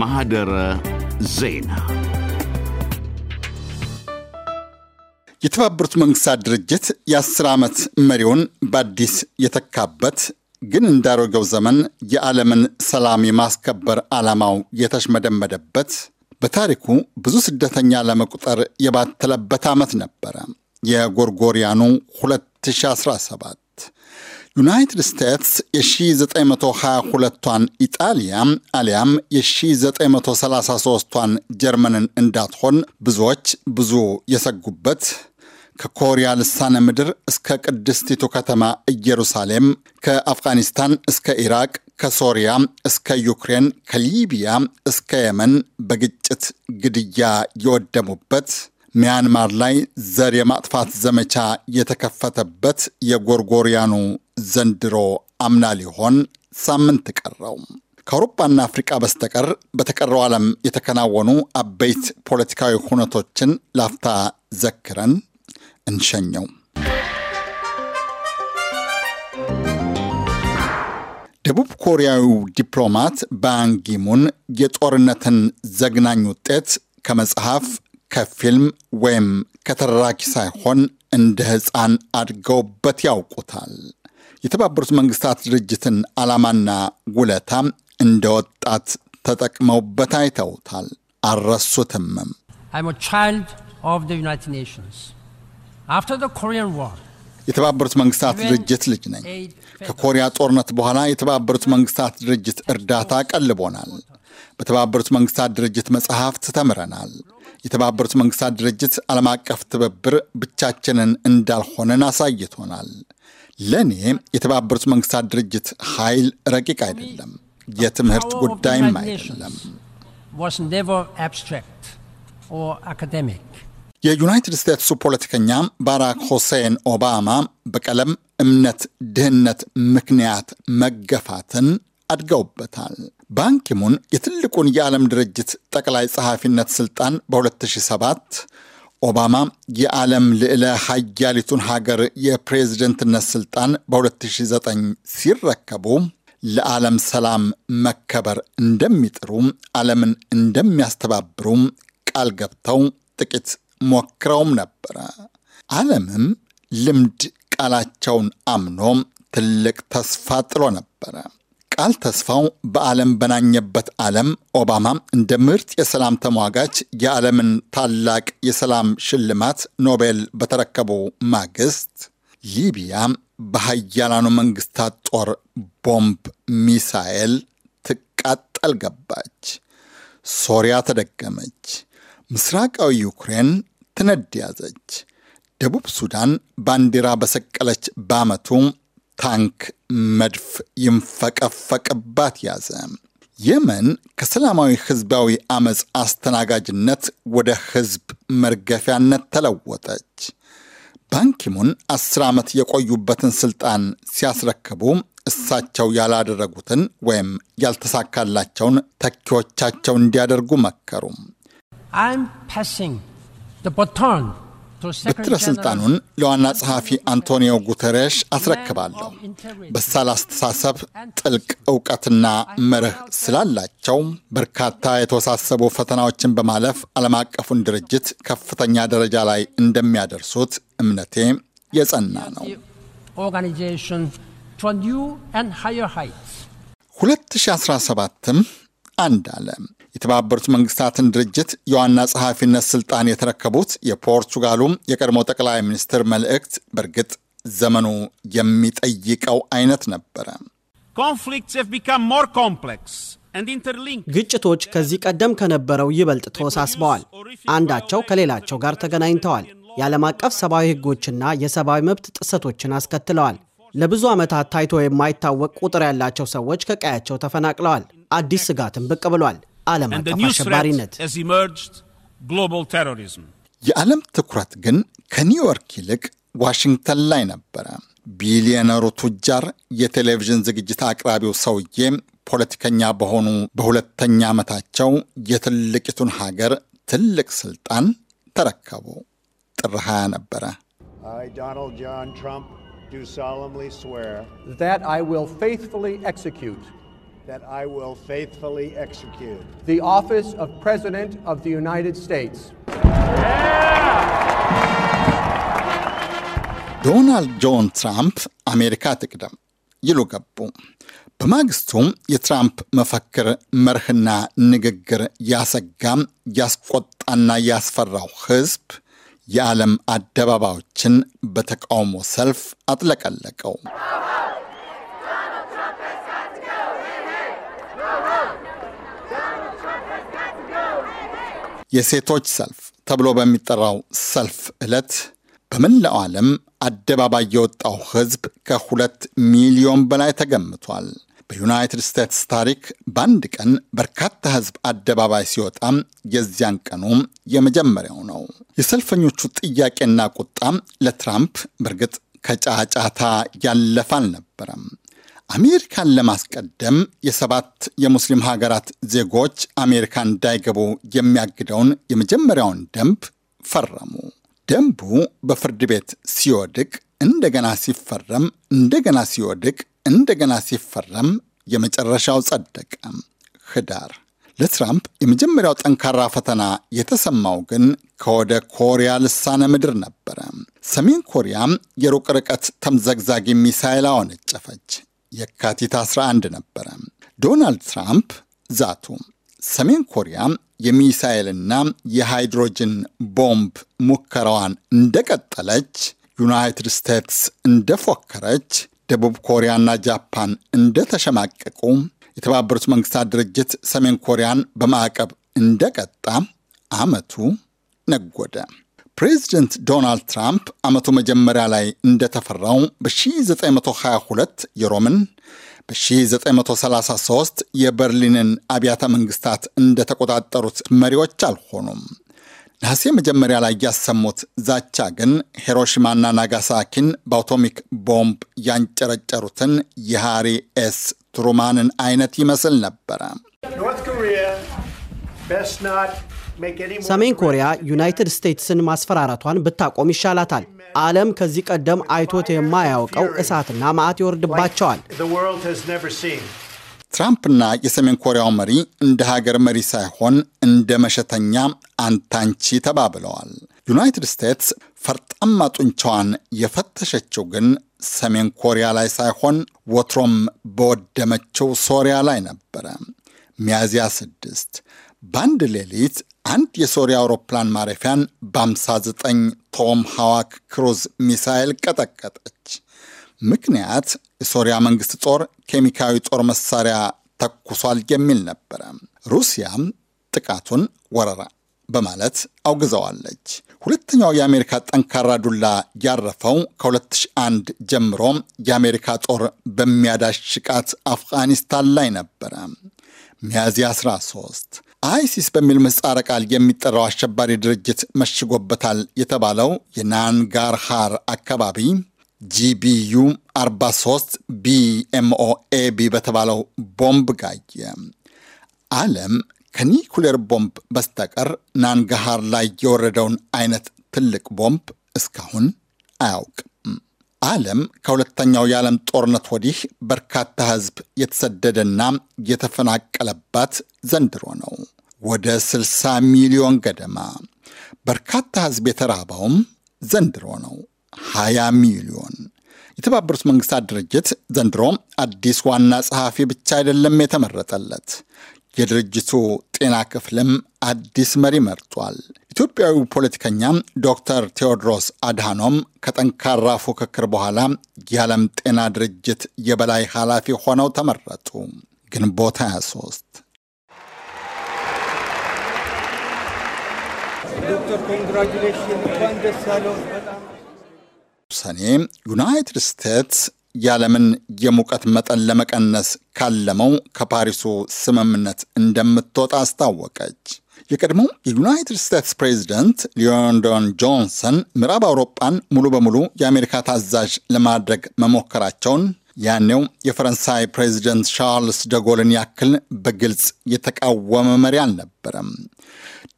ማህደረ ዜና የተባበሩት መንግስታት ድርጅት የአስር ዓመት መሪውን በአዲስ የተካበት ግን እንዳሮገው ዘመን የዓለምን ሰላም የማስከበር ዓላማው የተሽመደመደበት በታሪኩ ብዙ ስደተኛ ለመቁጠር የባተለበት ዓመት ነበረ። የጎርጎሪያኑ 2017 ዩናይትድ ስቴትስ የ1922ቷን ኢጣሊያ አሊያም የ1933ቷን ጀርመንን እንዳትሆን ብዙዎች ብዙ የሰጉበት ከኮሪያ ልሳነ ምድር እስከ ቅድስቲቱ ከተማ ኢየሩሳሌም፣ ከአፍጋኒስታን እስከ ኢራቅ፣ ከሶሪያ እስከ ዩክሬን፣ ከሊቢያ እስከ የመን በግጭት ግድያ የወደሙበት ሚያንማር ላይ ዘር የማጥፋት ዘመቻ የተከፈተበት የጎርጎሪያኑ ዘንድሮ አምና ሊሆን ሳምንት ቀረው። ከአውሮፓና አፍሪቃ በስተቀር በተቀረው ዓለም የተከናወኑ አበይት ፖለቲካዊ ሁነቶችን ላፍታ ዘክረን እንሸኘው። ደቡብ ኮሪያዊው ዲፕሎማት ባንጊሙን የጦርነትን ዘግናኝ ውጤት ከመጽሐፍ ከፊልም ወይም ከተራኪ ሳይሆን እንደ ሕፃን አድገውበት ያውቁታል። የተባበሩት መንግስታት ድርጅትን ዓላማና ውለታ እንደ ወጣት ተጠቅመውበት አይተውታል፣ አልረሱትምም። የተባበሩት መንግስታት ድርጅት ልጅ ነኝ። ከኮሪያ ጦርነት በኋላ የተባበሩት መንግስታት ድርጅት እርዳታ ቀልቦናል። በተባበሩት መንግስታት ድርጅት መጽሐፍት ተምረናል። የተባበሩት መንግስታት ድርጅት ዓለም አቀፍ ትብብር ብቻችንን እንዳልሆነን አሳይቶናል። ለእኔ የተባበሩት መንግስታት ድርጅት ኃይል ረቂቅ አይደለም፣ የትምህርት ጉዳይም አይደለም። የዩናይትድ ስቴትሱ ፖለቲከኛ ባራክ ሁሴን ኦባማ በቀለም እምነት ድህነት ምክንያት መገፋትን አድገውበታል። ባንኪሙን የትልቁን የዓለም ድርጅት ጠቅላይ ጸሐፊነት ስልጣን በ2007 ኦባማ የዓለም ልዕለ ሀያሊቱን ሀገር የፕሬዝደንትነት ስልጣን በ2009 ሲረከቡ ለዓለም ሰላም መከበር እንደሚጥሩ፣ ዓለምን እንደሚያስተባብሩ ቃል ገብተው ጥቂት ሞክረውም ነበረ። ዓለምም ልምድ ቃላቸውን አምኖ ትልቅ ተስፋ ጥሎ ነበረ። ቃል ተስፋው በዓለም በናኘበት ዓለም ኦባማ እንደ ምርጥ የሰላም ተሟጋች የዓለምን ታላቅ የሰላም ሽልማት ኖቤል በተረከቡ ማግስት ሊቢያ በሀያላኑ መንግስታት ጦር ቦምብ፣ ሚሳኤል ትቃጠል ገባች። ሶሪያ ተደገመች። ምስራቃዊ ዩክሬን ትነድ ያዘች። ደቡብ ሱዳን ባንዲራ በሰቀለች በዓመቱ ታንክ መድፍ ይንፈቀፈቅባት ያዘ። የመን ከሰላማዊ ህዝባዊ አመፅ አስተናጋጅነት ወደ ህዝብ መርገፊያነት ተለወጠች። ባንኪሙን አስር ዓመት የቆዩበትን ስልጣን ሲያስረክቡ እሳቸው ያላደረጉትን ወይም ያልተሳካላቸውን ተኪዎቻቸው እንዲያደርጉ መከሩ። ብትረ ስልጣኑን ለዋና ጸሐፊ አንቶኒዮ ጉተሬሽ አስረክባለሁ። በሳል አስተሳሰብ፣ ጥልቅ እውቀትና መርህ ስላላቸው በርካታ የተወሳሰቡ ፈተናዎችን በማለፍ ዓለም አቀፉን ድርጅት ከፍተኛ ደረጃ ላይ እንደሚያደርሱት እምነቴ የጸና ነው። 2017ም አንድ አለ የተባበሩት መንግስታትን ድርጅት የዋና ጸሐፊነት ስልጣን የተረከቡት የፖርቱጋሉ የቀድሞ ጠቅላይ ሚኒስትር መልእክት በእርግጥ ዘመኑ የሚጠይቀው አይነት ነበረ። ግጭቶች ከዚህ ቀደም ከነበረው ይበልጥ ተወሳስበዋል። አንዳቸው ከሌላቸው ጋር ተገናኝተዋል። የዓለም አቀፍ ሰብአዊ ሕጎችና የሰብአዊ መብት ጥሰቶችን አስከትለዋል። ለብዙ ዓመታት ታይቶ የማይታወቅ ቁጥር ያላቸው ሰዎች ከቀያቸው ተፈናቅለዋል። አዲስ ስጋትም ብቅ ብሏል። ዓለም አቀፍ አሸባሪነት። የዓለም ትኩረት ግን ከኒውዮርክ ይልቅ ዋሽንግተን ላይ ነበረ። ቢሊዮነሩ ቱጃር የቴሌቪዥን ዝግጅት አቅራቢው ሰውዬ ፖለቲከኛ በሆኑ በሁለተኛ ዓመታቸው የትልቂቱን ሀገር ትልቅ ስልጣን ተረከቡ። ጥር 20 ነበረ። ዶናልድ ጆን ትራምፕ ዱ ሶለምሊ ስዌር ዛት አይ ዊል ፌይትፉሊ ኤክሲኪዩት that I will faithfully execute the office of President of the United States. ዶናልድ ጆን ትራምፕ አሜሪካ ትቅደም ይሉ ገቡ። በማግስቱም የትራምፕ መፈክር መርህና ንግግር ያሰጋም ያስቆጣና ያስፈራው ህዝብ የዓለም አደባባዮችን በተቃውሞ ሰልፍ አጥለቀለቀው። የሴቶች ሰልፍ ተብሎ በሚጠራው ሰልፍ ዕለት በመላው ዓለም አደባባይ የወጣው ህዝብ ከሁለት ሚሊዮን በላይ ተገምቷል። በዩናይትድ ስቴትስ ታሪክ በአንድ ቀን በርካታ ህዝብ አደባባይ ሲወጣም የዚያን ቀኑ የመጀመሪያው ነው። የሰልፈኞቹ ጥያቄና ቁጣም ለትራምፕ በእርግጥ ከጫጫታ ያለፈ አልነበረም። አሜሪካን ለማስቀደም የሰባት የሙስሊም ሀገራት ዜጎች አሜሪካ እንዳይገቡ የሚያግደውን የመጀመሪያውን ደንብ ፈረሙ። ደንቡ በፍርድ ቤት ሲወድቅ እንደገና ሲፈረም እንደገና ሲወድቅ እንደገና ሲፈረም የመጨረሻው ጸደቀ። ህዳር ለትራምፕ የመጀመሪያው ጠንካራ ፈተና የተሰማው ግን ከወደ ኮሪያ ልሳነ ምድር ነበረ። ሰሜን ኮሪያ የሩቅ ርቀት ተምዘግዛጊ ሚሳይል አወነጨፈች። የካቲት 11 ነበረ። ዶናልድ ትራምፕ ዛቱ። ሰሜን ኮሪያ የሚሳኤልና የሃይድሮጅን ቦምብ ሙከራዋን እንደቀጠለች፣ ዩናይትድ ስቴትስ እንደፎከረች፣ ደቡብ ኮሪያና ጃፓን እንደተሸማቀቁ፣ የተባበሩት መንግስታት ድርጅት ሰሜን ኮሪያን በማዕቀብ እንደቀጣ ዓመቱ ነጎደ። ፕሬዚደንት ዶናልድ ትራምፕ ዓመቱ መጀመሪያ ላይ እንደተፈራው በ1922 የሮምን በ1933 የበርሊንን አብያተ መንግስታት እንደተቆጣጠሩት መሪዎች አልሆኑም። ነሐሴ መጀመሪያ ላይ ያሰሙት ዛቻ ግን ሂሮሺማና ናጋሳኪን በአቶሚክ ቦምብ ያንጨረጨሩትን የሃሪ ኤስ ትሩማንን አይነት ይመስል ነበረ። ሰሜን ኮሪያ ዩናይትድ ስቴትስን ማስፈራራቷን ብታቆም ይሻላታል። ዓለም ከዚህ ቀደም አይቶት የማያውቀው እሳትና ማዕት ይወርድባቸዋል። ትራምፕና የሰሜን ኮሪያው መሪ እንደ ሀገር መሪ ሳይሆን እንደ መሸተኛ አንታንቺ ተባብለዋል። ዩናይትድ ስቴትስ ፈርጣማ ጡንቻዋን የፈተሸችው ግን ሰሜን ኮሪያ ላይ ሳይሆን ወትሮም በወደመችው ሶሪያ ላይ ነበረ። ሚያዝያ ስድስት በአንድ ሌሊት አንድ የሶሪያ አውሮፕላን ማረፊያን በ59 ቶም ሐዋክ ክሩዝ ሚሳይል ቀጠቀጠች። ምክንያት የሶሪያ መንግስት ጦር ኬሚካዊ ጦር መሳሪያ ተኩሷል የሚል ነበረ። ሩሲያም ጥቃቱን ወረራ በማለት አውግዘዋለች። ሁለተኛው የአሜሪካ ጠንካራ ዱላ ያረፈው ከ2001 ጀምሮ የአሜሪካ ጦር በሚያዳሽቃት አፍጋኒስታን ላይ ነበረ። ሚያዝያ 13 አይሲስ በሚል ምህጻረ ቃል የሚጠራው አሸባሪ ድርጅት መሽጎበታል የተባለው የናንጋርሃር አካባቢ ጂቢዩ 43 ቢኤምኦ ኤቢ በተባለው ቦምብ ጋየ። ዓለም ከኒኩሌር ቦምብ በስተቀር ናንጋሃር ላይ የወረደውን አይነት ትልቅ ቦምብ እስካሁን አያውቅም። ዓለም ከሁለተኛው የዓለም ጦርነት ወዲህ በርካታ ሕዝብ የተሰደደና የተፈናቀለባት ዘንድሮ ነው። ወደ 60 ሚሊዮን ገደማ። በርካታ ህዝብ የተራባውም ዘንድሮ ነው፣ 20 ሚሊዮን። የተባበሩት መንግስታት ድርጅት ዘንድሮ አዲስ ዋና ጸሐፊ ብቻ አይደለም የተመረጠለት። የድርጅቱ ጤና ክፍልም አዲስ መሪ መርጧል። ኢትዮጵያዊ ፖለቲከኛ ዶክተር ቴዎድሮስ አድሃኖም ከጠንካራ ፉክክር በኋላ የዓለም ጤና ድርጅት የበላይ ኃላፊ ሆነው ተመረጡ ግንቦት 23 ዶክተር ኮንግራጁሌሽን እንኳን ደስ አለው። በጣም ሰኔ ዩናይትድ ስቴትስ የዓለምን የሙቀት መጠን ለመቀነስ ካለመው ከፓሪሱ ስምምነት እንደምትወጣ አስታወቀች። የቀድሞው የዩናይትድ ስቴትስ ፕሬዚደንት ሊዮንዶን ጆንሰን ምዕራብ አውሮጳን ሙሉ በሙሉ የአሜሪካ ታዛዥ ለማድረግ መሞከራቸውን ያኔው የፈረንሳይ ፕሬዚደንት ሻርልስ ደጎልን ያክል በግልጽ የተቃወመ መሪ አልነበረም።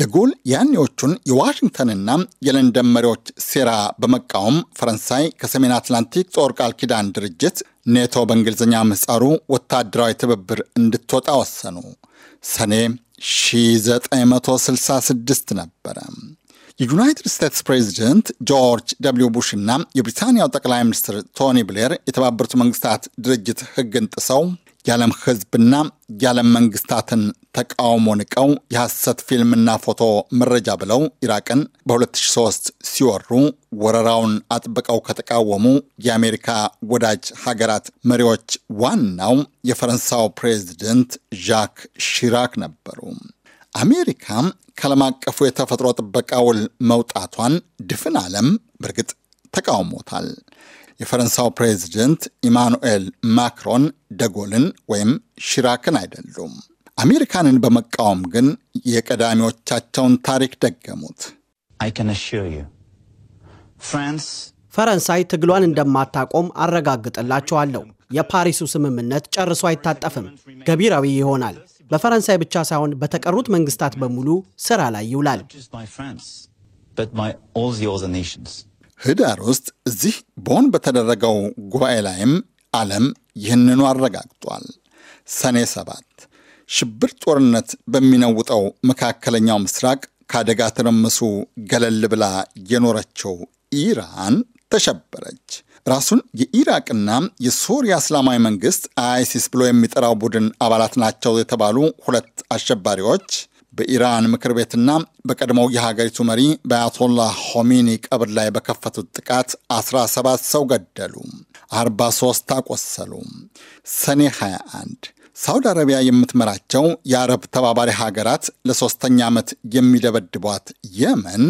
ደጎል ያኔዎቹን የዋሽንግተንና የለንደን መሪዎች ሴራ በመቃወም ፈረንሳይ ከሰሜን አትላንቲክ ጦር ቃል ኪዳን ድርጅት ኔቶ በእንግሊዝኛ ምህጻሩ ወታደራዊ ትብብር እንድትወጣ ወሰኑ። ሰኔ 1966 ነበረ። የዩናይትድ ስቴትስ ፕሬዚደንት ጆርጅ ደብሊው ቡሽ እና የብሪታንያው ጠቅላይ ሚኒስትር ቶኒ ብሌር የተባበሩት መንግስታት ድርጅት ሕግን ጥሰው የዓለም ሕዝብና የዓለም መንግስታትን ተቃውሞ ንቀው የሐሰት ፊልምና ፎቶ መረጃ ብለው ኢራቅን በ2003 ሲወሩ ወረራውን አጥብቀው ከተቃወሙ የአሜሪካ ወዳጅ ሀገራት መሪዎች ዋናው የፈረንሳው ፕሬዚደንት ዣክ ሺራክ ነበሩ። አሜሪካ ከዓለም አቀፉ የተፈጥሮ ጥበቃ ውል መውጣቷን ድፍን ዓለም በእርግጥ ተቃውሞታል። የፈረንሳው ፕሬዚደንት ኢማኑኤል ማክሮን ደጎልን ወይም ሺራክን አይደሉም። አሜሪካንን በመቃወም ግን የቀዳሚዎቻቸውን ታሪክ ደገሙት። ፈረንሳይ ትግሏን እንደማታቆም አረጋግጥላችኋለሁ። የፓሪሱ ስምምነት ጨርሶ አይታጠፍም፣ ገቢራዊ ይሆናል። በፈረንሳይ ብቻ ሳይሆን በተቀሩት መንግስታት በሙሉ ስራ ላይ ይውላል። ህዳር ውስጥ እዚህ ቦን በተደረገው ጉባኤ ላይም ዓለም ይህንኑ አረጋግጧል። ሰኔ ሰባት ሽብር ጦርነት በሚነውጠው መካከለኛው ምስራቅ ከአደጋ ትርምሱ ገለል ብላ የኖረችው ኢራን ተሸበረች። ራሱን የኢራቅና የሶሪያ እስላማዊ መንግስት አይሲስ ብሎ የሚጠራው ቡድን አባላት ናቸው የተባሉ ሁለት አሸባሪዎች በኢራን ምክር ቤትና በቀድሞው የሀገሪቱ መሪ በአያቶላህ ሆሜኒ ቀብር ላይ በከፈቱት ጥቃት 17 ሰው ገደሉ፣ 43 አቆሰሉ። ሰኔ 21 ሳውዲ አረቢያ የምትመራቸው የአረብ ተባባሪ ሀገራት ለሶስተኛ ዓመት የሚደበድቧት የመን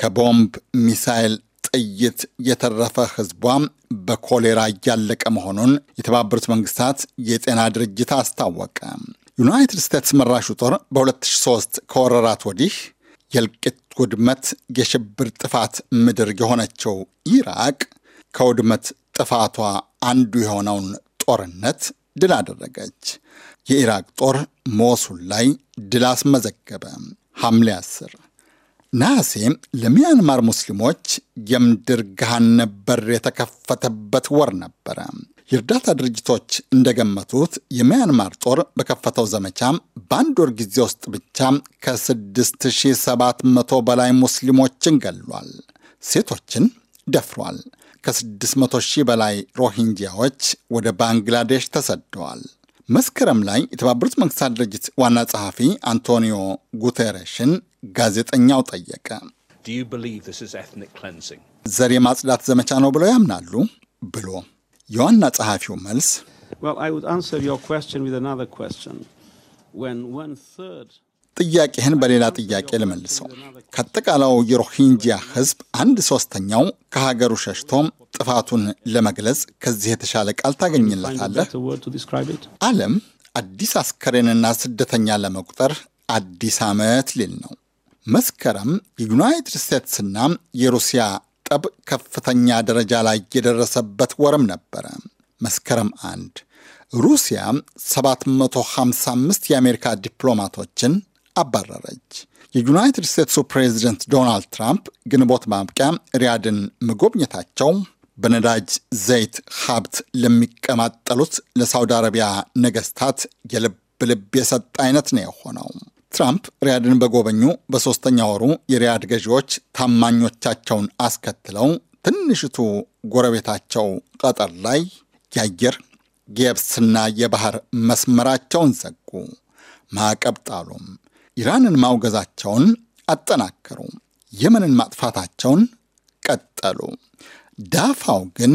ከቦምብ ሚሳይል፣ ጥይት የተረፈ ህዝቧ በኮሌራ እያለቀ መሆኑን የተባበሩት መንግስታት የጤና ድርጅት አስታወቀ። ዩናይትድ ስቴትስ መራሹ ጦር በ2003 ከወረራት ወዲህ የእልቂት ውድመት፣ የሽብር ጥፋት ምድር የሆነችው ኢራቅ ከውድመት ጥፋቷ አንዱ የሆነውን ጦርነት ድል አደረገች። የኢራቅ ጦር ሞሱል ላይ ድል አስመዘገበ። ሐምሌ 10 ነሐሴ ለሚያንማር ሙስሊሞች የምድር ገሃነም በር የተከፈተበት ወር ነበረ። የእርዳታ ድርጅቶች እንደገመቱት የሚያንማር ጦር በከፈተው ዘመቻ በአንድ ወር ጊዜ ውስጥ ብቻ ከ6700 በላይ ሙስሊሞችን ገሏል። ሴቶችን ደፍሯል። ከ600 ሺህ በላይ ሮሂንጂያዎች ወደ ባንግላዴሽ ተሰደዋል። መስከረም ላይ የተባበሩት መንግስታት ድርጅት ዋና ጸሐፊ አንቶኒዮ ጉተረሽን ጋዜጠኛው ጠየቀ። ዘር የማጽዳት ዘመቻ ነው ብለው ያምናሉ? ብሎ የዋና ጸሐፊው መልስ ጥያቄህን በሌላ ጥያቄ ልመልሰው። ከአጠቃላው የሮሂንጂያ ህዝብ አንድ ሶስተኛው ከሀገሩ ሸሽቶ ጥፋቱን ለመግለጽ ከዚህ የተሻለ ቃል ታገኝለታለህ? ዓለም አዲስ አስከሬንና ስደተኛ ለመቁጠር አዲስ ዓመት ሊል ነው። መስከረም የዩናይትድ ስቴትስና የሩሲያ ጠብ ከፍተኛ ደረጃ ላይ የደረሰበት ወርም ነበረ። መስከረም አንድ ሩሲያ 755 የአሜሪካ ዲፕሎማቶችን አባረረች። የዩናይትድ ስቴትሱ ፕሬዚደንት ዶናልድ ትራምፕ ግንቦት ማብቂያ ሪያድን መጎብኘታቸው በነዳጅ ዘይት ሀብት ለሚቀማጠሉት ለሳውዲ አረቢያ ነገስታት የልብ ልብ የሰጠ አይነት ነው የሆነው። ትራምፕ ሪያድን በጎበኙ በሦስተኛ ወሩ የሪያድ ገዢዎች ታማኞቻቸውን አስከትለው ትንሽቱ ጎረቤታቸው ቀጠር ላይ የአየር የብስና የባህር መስመራቸውን ዘጉ፣ ማዕቀብ ጣሉም። ኢራንን ማውገዛቸውን አጠናከሩ። የመንን ማጥፋታቸውን ቀጠሉ። ዳፋው ግን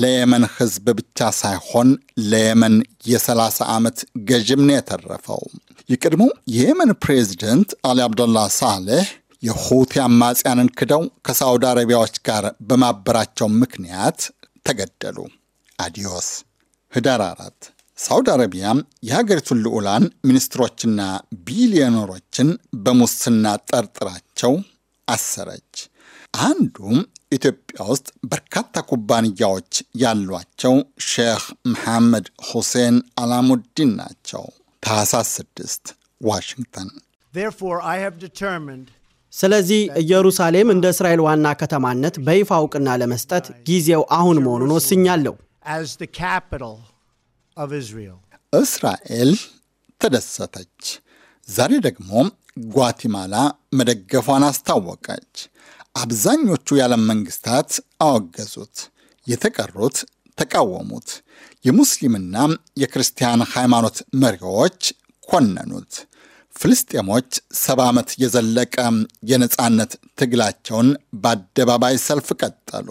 ለየመን ሕዝብ ብቻ ሳይሆን ለየመን የ30 ዓመት ገዥም ነው የተረፈው። የቀድሞ የየመን ፕሬዚደንት አሊ አብዶላ ሳሌህ የሁቲ አማጽያንን ክደው ከሳውዲ አረቢያዎች ጋር በማበራቸው ምክንያት ተገደሉ። አዲዮስ ህዳር አራት ሳውዲ አረቢያ የሀገሪቱን ልዑላን ሚኒስትሮችና ቢሊዮነሮችን በሙስና ጠርጥራቸው አሰረች። አንዱም ኢትዮጵያ ውስጥ በርካታ ኩባንያዎች ያሏቸው ሼህ መሐመድ ሁሴን አላሙዲን ናቸው። ታህሳስ 6 ዋሽንግተን። ስለዚህ ኢየሩሳሌም እንደ እስራኤል ዋና ከተማነት በይፋ እውቅና ለመስጠት ጊዜው አሁን መሆኑን ወስኛለሁ። እስራኤል ተደሰተች። ዛሬ ደግሞ ጓቲማላ መደገፏን አስታወቀች። አብዛኞቹ የዓለም መንግስታት አወገዙት፣ የተቀሩት ተቃወሙት። የሙስሊምና የክርስቲያን ሃይማኖት መሪዎች ኮነኑት። ፍልስጤሞች ሰባ ዓመት የዘለቀ የነፃነት ትግላቸውን በአደባባይ ሰልፍ ቀጠሉ።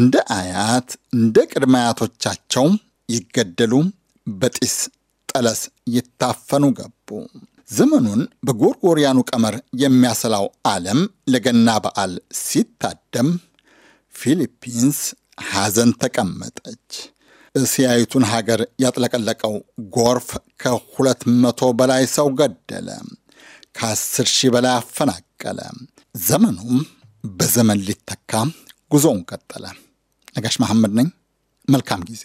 እንደ አያት እንደ ቅድመ አያቶቻቸው ይገደሉ በጢስ ጠለስ ይታፈኑ ገቡ። ዘመኑን በጎርጎሪያኑ ቀመር የሚያሰላው ዓለም ለገና በዓል ሲታደም ፊሊፒንስ ሐዘን ተቀመጠች። እስያዊቱን ሀገር ያጥለቀለቀው ጎርፍ ከ200 በላይ ሰው ገደለ፣ 10 ሺህ በላይ አፈናቀለ። ዘመኑም በዘመን ሊተካ ጉዞውን ቀጠለ። ነጋሽ መሐመድ ነኝ። መልካም ጊዜ